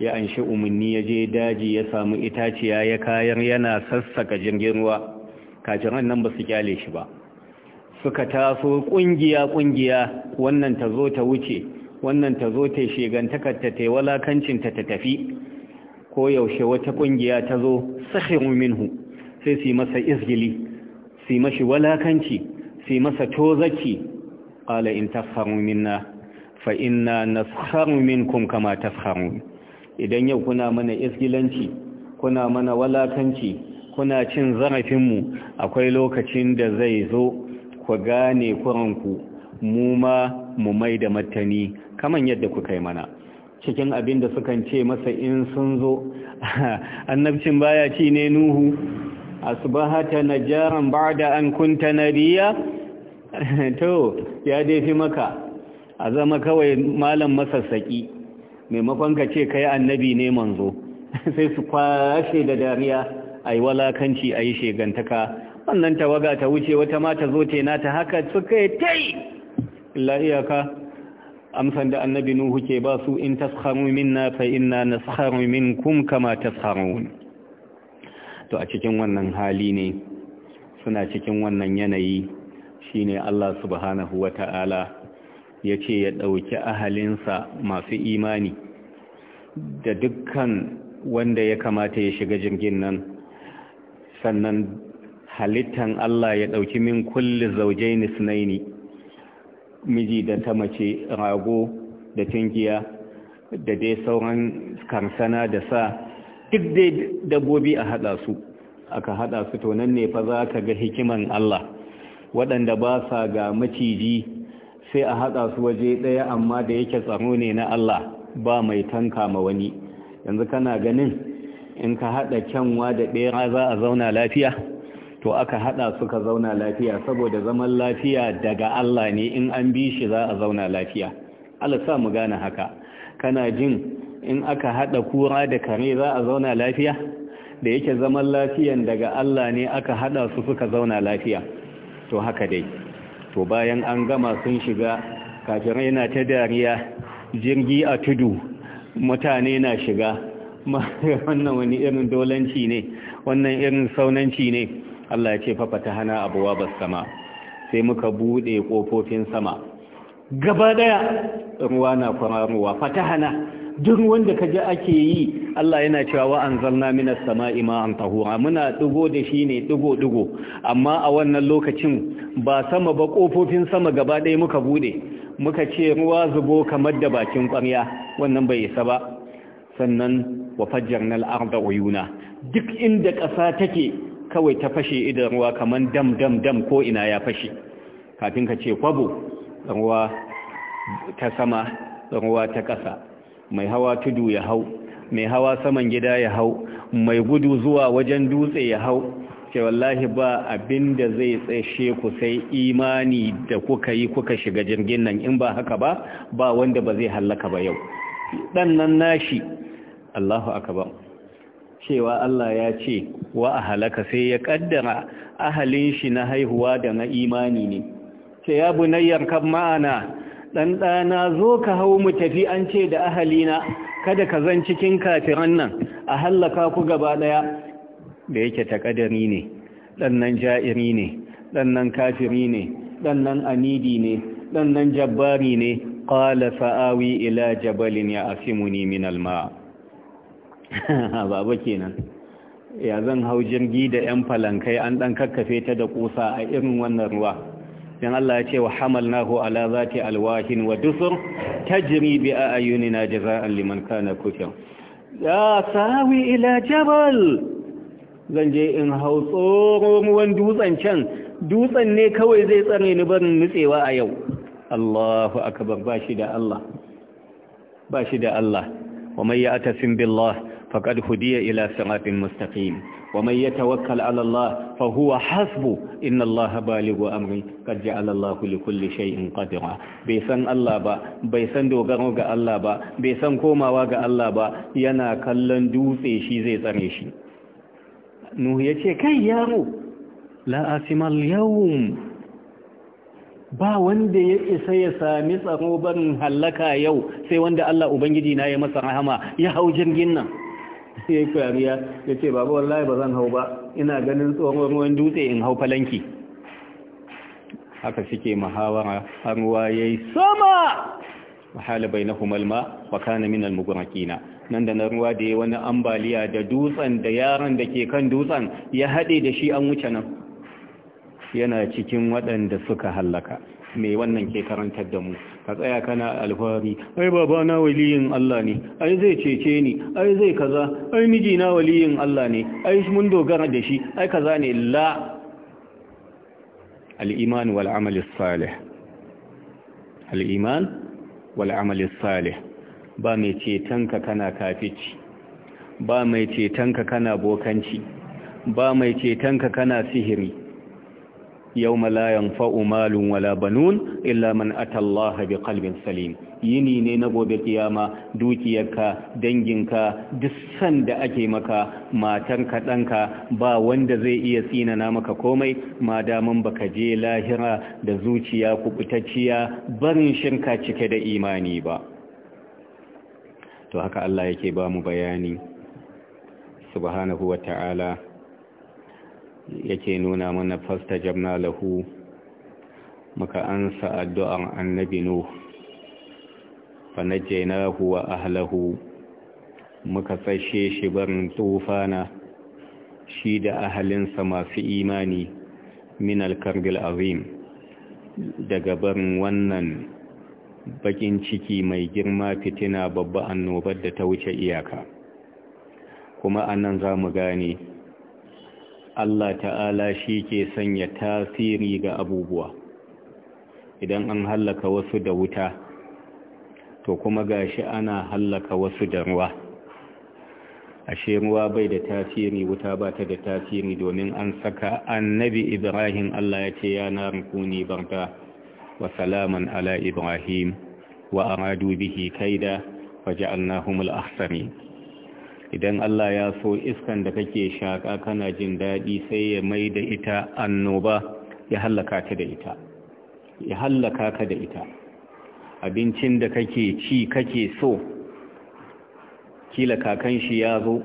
ya anshi umarni ya je daji ya samu itaciya ya kayan yana sassaka jirgin ruwa kacin nan ba su kyale shi ba suka taso ƙungiya-ƙungiya wannan ta zo ta wuce wannan ta zo ta shegantakar ta ta walakancin ta ta tafi ko yaushe wata ƙungiya ta zo sahihu minhu sai su yi masa izgili su yi mashi walakanci su masa tozaki qala in tafharu minna fa inna nasharu minkum kama tafharu idan yau kuna mana izgilanci kuna mana walakanci kuna cin zarafin mu akwai lokacin da zai zo ku gane kuranku mu ma mu mai da martani kaman yadda ku kai mana cikin abin da sukan ce masa in sun zo [laughs] annabcin baya ci ne nuhu asbahata najaran ba'da an kunta nariya [laughs] to ya dai fi maka a zama kawai malam masassaki maimakon ka ce kai annabi ne manzo [laughs] sai su kwashe da dariya ai walakanci ai shegantaka wannan tawaga ta wuce wata mata ta zo tena ta haka suka yi ta yi illa iyaka amsan da annabi nuhu ke ba su in taskharu minna fa inna min kun kama taskharun to a cikin wannan hali ne suna cikin wannan yanayi shi ne Allah subhanahu wa Ta'ala ya ce ya ɗauki ahalinsa masu imani da dukkan wanda ya kamata ya shiga jirgin nan sannan halittan Allah ya ɗauki min kulli zaujaini nisnaini miji da ta mace rago da tunkiya da dai sauran karsana da sa duk dai dabbobi a haɗa su aka haɗa su to nan ne fa za ka ga hikiman Allah waɗanda ba sa ga maciji sai a haɗa su waje ɗaya amma da yake tsaro ne na Allah ba mai tanka ma wani yanzu kana ganin in ka haɗa kyanwa da ɓera za a zauna lafiya to aka hada suka zauna lafiya saboda zaman lafiya daga Allah ne in an bi shi za a zauna lafiya Allah sa mu gane haka kana jin in aka hada kura da kare za a zauna lafiya da yake zaman lafiyan daga Allah ne aka hada su suka zauna lafiya to haka dai to bayan an gama sun shiga kafirai na ta dariya jirgi a tudu mutane na shiga [laughs] wannan wani irin dolanci ne wannan irin saunanci ne Allah ya ce fa abuwa ba sama sai muka bude kofofin sama gaba daya ruwa na kwararowa fatahana duk wanda kaje ake yi Allah yana cewa wa anzalna minas sama'i ma'an tahura muna digo da shi ne digo dugo amma a wannan lokacin ba sama ba kofofin sama gaba daya muka bude muka ce ruwa zubo kamar da bakin kwarya wannan bai isa ba sannan wa fajjarnal arda uyuna duk inda ƙasa take kawai ta fashe idan ruwa kamar dam dam dam ko ina ya fashe kafin ka ce kwabo ruwa ta sama ruwa ta ƙasa mai hawa tudu ya hau mai hawa saman gida ya hau mai gudu zuwa wajen dutse ya hau ce wallahi ba abin da zai tsashe ku sai imani da kuka yi kuka shiga jirgin nan in ba haka ba ba wanda ba zai hallaka ba yau ɗannan nashi Allahu akbar cewa Allah ya ce wa a halaka sai ya ƙaddara ahalin shi na haihuwa da na imani ne ce ya bunayyar kan ma'ana ɗanɗana zo ka hau mu tafi an ce da ahalina kada ka zan cikin kafiran nan a halaka ku gaba ɗaya. da yake takadari ne ɗannan ja'iri ne ɗannan kafiri ne ɗannan anidi ne ɗannan jabbari ne ƙala fa'awi ila jabalin ya asimuni min al
baba
[laughs] kenan ya zan hau jirgi da 'yan falankai an ɗan kakkafe ta da ƙusa a irin wannan ruwa don Allah ya ce wa hamalnahu ala zati alwahin wa dusur tajri bi ayunina jaza'an liman kana kufir ya sawi ila jabal zan je in hau tsoron wan dutsen can dutsen ne kawai zai tsare ni barin nutsewa a yau Allahu akbar Bashi da Allah Bashi da Allah wa man ya'tasim billah فقد هدي إلى صراط مستقيم ومن يتوكل على الله فهو حسبه إن الله بالغ أمري قد جعل الله لكل شيء قدرا ba, الله با dogara دوغرو غا الله با san كوماوا غا الله با yana kallon dutse shi zai tsare shi nuhu yace kai yaro la asimal yawm ba wanda ya isa ya sami tsaro barin halaka yau sai wanda Allah ubangiji na ya masa rahama ya hau jirgin nan ya kariya ya ce baba wallahi ba zan hau ba ina ganin tsohon ruwan dutse in hau falanki haka suke mahawara an ruwa ya yi sama wahala bai na humalma wa kana min almugurakina nan da na ruwa da ya wani ambaliya da dutsen da yaron da ke kan dutsen ya haɗe da shi an wuce nan yana cikin waɗanda suka hallaka mai wannan ke karantar da mu ka tsaya kana alfahari ai baba na waliyin Allah ne ai zai cece ni ai zai kaza ai miji na waliyin Allah ne ai mun dogara da shi ai kaza ne la al-iman wal amal salih al-iman wal amal salih ba mai cetonka kana kafici ba mai cetonka kana bokanci ba mai cetonka kana sihiri yau la yanfa'u malun wala banun illa man ata bi qalbin salim yini ne na gobe kiyama dukiyarka danginka duk san da ake maka matanka kaɗanka. ba wanda zai iya tsinana maka komai ma daman baka je lahira da zuciya kubutacciya barin shirka cike da imani ba to haka Allah yake ba mu bayani subhanahu wa ta'ala yake nuna mana fasta jamna lahu muka ansa addu'ar annabi nuh fa najjaynahu wa ahlahu muka tsashe shi barin tufana shi da ahalinsa masu imani min al-karbi alkarbil azim daga barin wannan bakin ciki mai girma fitina babba annobar da ta wuce iyaka kuma anan zamu mu gane Allah ta'ala shi ke sanya tasiri ga abubuwa idan an hallaka wasu da wuta to kuma ga shi ana hallaka wasu da ruwa ashe ruwa bai da tasiri wuta ba ta da tasiri domin an saka annabi ibrahim Allah ya ce ya na rukuni barta wa salaman ala ibrahim wa aradu bihi kaida faja'alnahum al ahsani idan Allah ya so iskan da kake shaƙa kana jin daɗi sai ya mai da ita annoba ya hallaka ta da ita ya hallaka ka da ita abincin da kake ci kake so kila kakan shi ya zo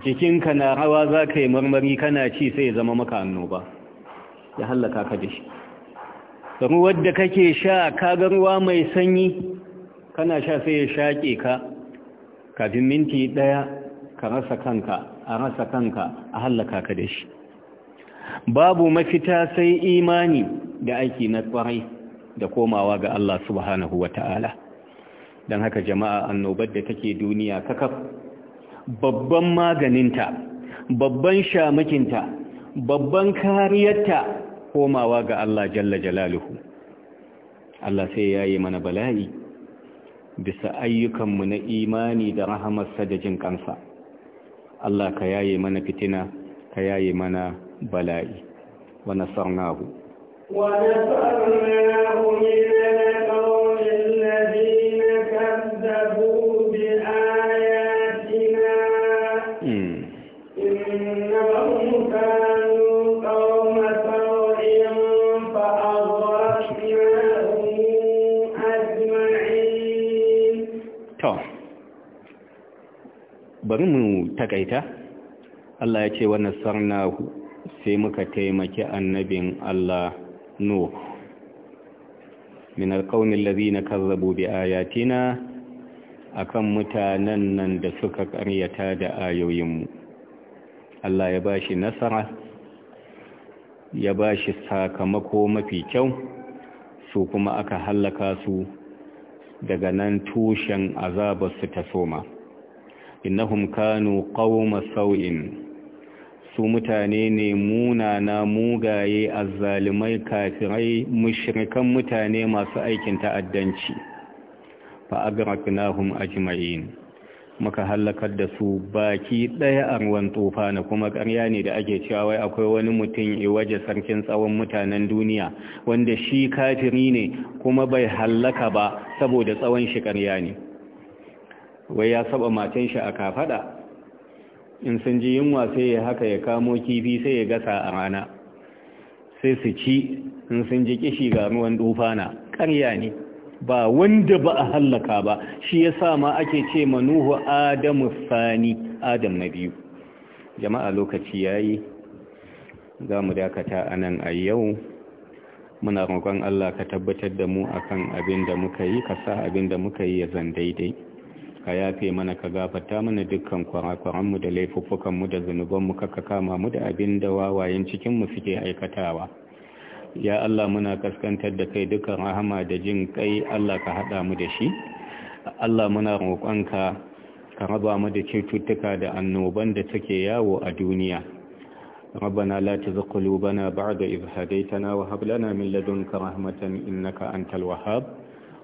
jikinka na hawa za ka yi marmari kana ci sai ya zama maka annoba ya hallaka ka da shi ruwar da kake sha ga ruwa mai sanyi kana sha sai ya shaƙe ka kafin minti ɗaya ka rasa kanka a rasa kanka a hallaka ka da shi babu mafita sai imani da aiki na kwarai da komawa ga Allah subhanahu wa ta'ala don haka jama'a annobar da take duniya kakaf babban maganinta babban shamakinta babban kariyarta komawa ga Allah jalla jalaluhu Allah sai ya yi mana bala'i bisa ayyukanmu na imani da rahamarsa da jin kansa Allah ka yaye mana fitina ka yaye mana bala'i wa nasarnahu
wa nasarnahu min
bari mu takaita Allah ya ce wannan sarna sai muka taimaki annabin Allah Nuh min alqawmi alladhina kazzabu bi ayatina akan mutanen nan da suka karyata da ayoyinmu Allah ya bashi nasara ya bashi sakamako mafi kyau su kuma aka hallaka su daga nan tushen azabar su ta soma innahum kanu qauma sau'in su mutane ne munana mugaye azzalimai kafirai mushrikan mutane masu aikin ta'addanci fa agrafnahum ajma'in muka halakar da su baki ɗaya a ruwan tsofa na kuma karya ne da ake cewa wai akwai wani mutum i waje sarkin tsawon mutanen duniya wanda shi kafiri ne kuma bai hallaka ba saboda tsawon shi ƙarya ne wai ya saba matan shi a kafada in sun ji yunwa sai ya haka ya kamo kifi sai ya gasa a rana sai su ci in sun ji kishi ga ruwan dufana ƙarya ne ba wanda ba a hallaka ba shi ya sa ma ake ce ma Nuhu adamu sani adam na biyu jama'a lokaci ya yi za mu dakata a nan a yau muna roƙon allah ka tabbatar da mu akan abin da muka yi ka sa abin da muka yi ya zan daidai ka yafe mana ka gafarta mana dukkan kwarakwaranmu da laifuffukanmu da zunubanmu kaka kama mu da abin da wawayen cikinmu suke aikatawa ya Allah muna kaskantar da kai dukkan rahama da jin kai Allah ka haɗa mu da shi Allah muna roƙonka ka raba mu da cututtuka da annoban da take yawo a duniya ربنا لا تزغ قلوبنا بعد إذ هديتنا وهب لنا من لدنك رحمة إنك أنت الوهاب